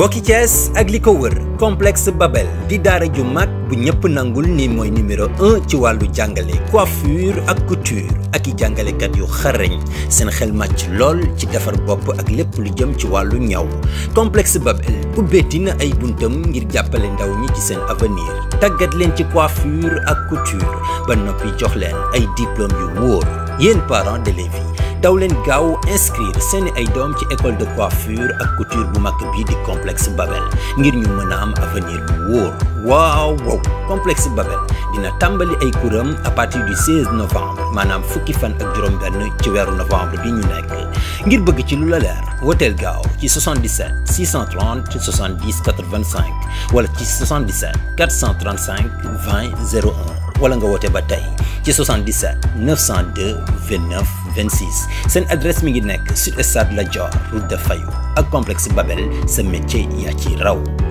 mbokki Thiès ak li ko wër complexe Babel di daara ju mag bu ñëpp nangul ni mooy numéro un ci wàllu jàngale coiffure ak couture ak i jàngalekat yu xarañ seen xel màcc lool ci defar bopp ak lépp lu jëm ci wàllu ñaw complexe Babel ubbeeti na ay buntam ngir jàppale ndaw ñi ci seen avenir tàggat leen ci coiffure ak couture ba noppi jox leen ay diplôme yu wóor yéen parents d'élèves daw leen gaaw inscrire seeni ay doom ci école de coiffure ak couture bu mag bii di complexe Babel ngir ñu mën a am avenir bu wóor waaw waaw complexe Babel dina tambali ay couram à partir du 16 novembre manam fukki fan ak juróom-benn ci weeru novembre bi ñu nekk ngir bëgg ci lu leer ci 77 630 70 85 wala ci 77 435 20 01 wala nga woote ba ci 77 902 29 26 seen adresse mi ngi nekk Sud Stade la Dior route de Fayou ak complexe Babel sa métier ya ci raw.